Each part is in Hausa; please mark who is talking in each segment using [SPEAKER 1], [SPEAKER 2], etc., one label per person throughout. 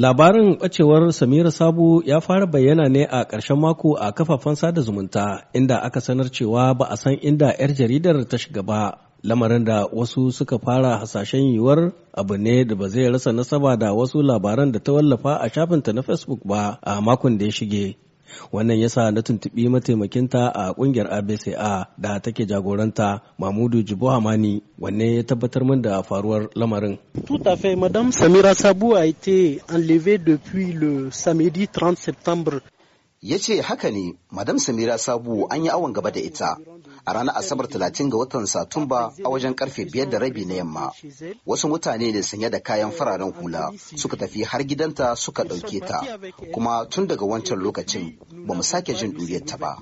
[SPEAKER 1] Labarin ɓacewar Samira Sabo ya fara bayyana ne a ƙarshen mako a kafafen sada zumunta inda aka sanar cewa ba a san inda 'yar jaridar ta shiga ba. Lamarin da wasu suka fara hasashen yiwuwar abu ne da ba zai rasa nasaba da wasu labaran da ta wallafa a shafinta na Facebook ba a makon da ya shige. Wannan ya sa na tuntubi mataimakinta a ƙungiyar ABCA da take jagoranta Mamudu Jibo Hamani wanne ya tabbatar min da faruwar lamarin.
[SPEAKER 2] Tout à Samira Sabu a été enlevée le samedi 30 septembre. Ya ce haka ne, Madam
[SPEAKER 3] Samira Sabu an yi awon gaba da ita a ranar Asabar 30 ga watan Satumba a wajen karfe biyar da rabi na yamma. Wasu mutane ne sanye da kayan fararen hula suka tafi har gidanta suka ɗauke ta, kuma tun daga wancan lokacin ba mu sake jin ta ba.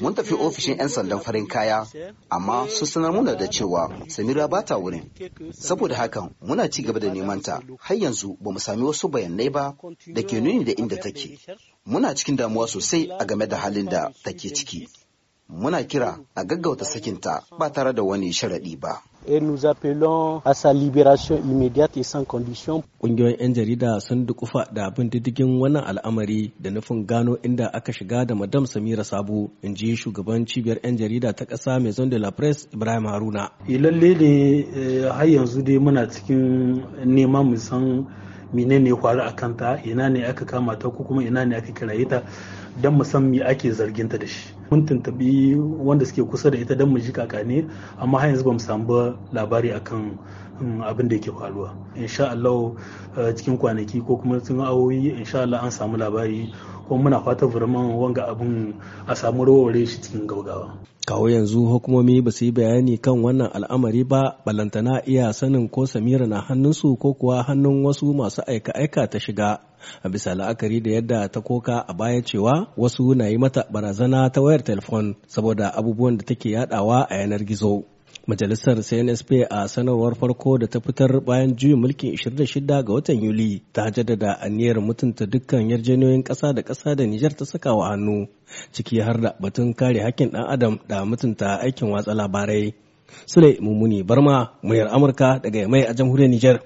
[SPEAKER 3] Mun tafi ofishin 'yan sandan farin kaya, amma su sanar muna da cewa Samira ba ta wurin. Saboda hakan muna ci gaba da neman ta har yanzu ba mu sami wasu bayanai ba da ke nuni da inda take. Muna cikin damuwa sosai a game da halin da take ciki. muna kira a gaggauta sakinta ba tare da wani sharaɗi ba.
[SPEAKER 2] et nous appelons à sa libération immédiate et sans condition.
[SPEAKER 1] Ƙungiyoyin 'yan jarida sun dukufa da bin diddigin wannan al'amari da nufin gano inda aka shiga da Madam Samira Sabo, in ji shugaban cibiyar 'yan jarida ta ƙasa Maison de la Presse Ibrahim Haruna.
[SPEAKER 4] Eh, lallai ne eh, har yanzu dai muna cikin neman mu san menene ya faru a kanta ina ne aka kama ta ko kuma ina ne aka kiraye ta don mu san me ake ta da shi mun tuntubi wanda suke kusa da ita don mu ji kakane amma har yanzu ba mu samu labari akan mm, abin da yake faruwa insha Allah eh, cikin kwanaki ko kuma cikin awoyi insha Allah an samu labari kuma muna fatan vraiment wanga abin a samu rawarware shi cikin gaugawa
[SPEAKER 1] kawo yanzu hukumomi ba su yi bayani kan wannan al'amari ba balantana iya sanin ko samira na hannunsu ko kuwa hannun wasu masu aika-aika ta shiga a bisa la'akari da yadda ta koka a baya cewa wasu na yi mata barazana ta wayar telefon saboda abubuwan da take yadawa a yanar gizo Majalisar CNSP a sanarwar farko da ta fitar bayan juyin mulkin 26 ga watan Yuli ta jaddada aniyar mutunta dukkan yarjejeniyoyin ƙasa da ƙasa da Nijar ta saka wa hannu ciki har da batun kare hakkin ɗan adam da mutunta aikin watsa labarai. Sule Mummuni Barma, muryar Amurka daga mai a jamhuriyar Nijar.